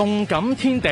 動感天地。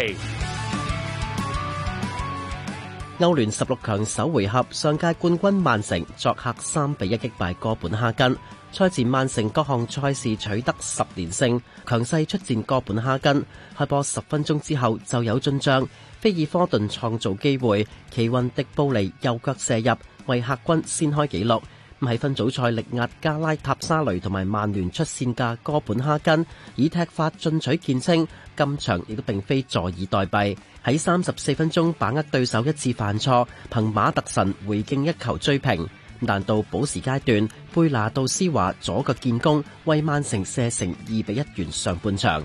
歐聯十六強首回合，上屆冠軍曼城作客三比一擊敗哥本哈根。賽前曼城各項賽事取得十連勝，強勢出戰哥本哈根。開波十分鐘之後就有進賬，菲爾科頓創造機會，奇雲迪布尼右腳射入，為客軍先開紀錄。喺分組賽力壓加拉塔沙雷同埋曼聯出線嘅哥本哈根，以踢法進取見稱。今場亦都並非坐以待斃，喺三十四分鐘把握對手一次犯錯，憑馬特神回敬一球追平。但到補時階段，貝拿杜斯華左腳建功，為曼城射成二比一完上半場。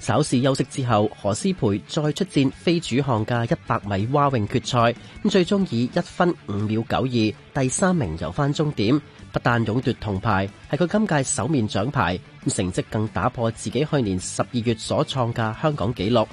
稍事休息之後，何詩蓓再出戰非主項嘅一百米蛙泳決賽，咁最終以一分五秒九二第三名遊翻終點，不但勇奪銅牌，係佢今屆首面獎牌，成績更打破自己去年十二月所創嘅香港紀錄。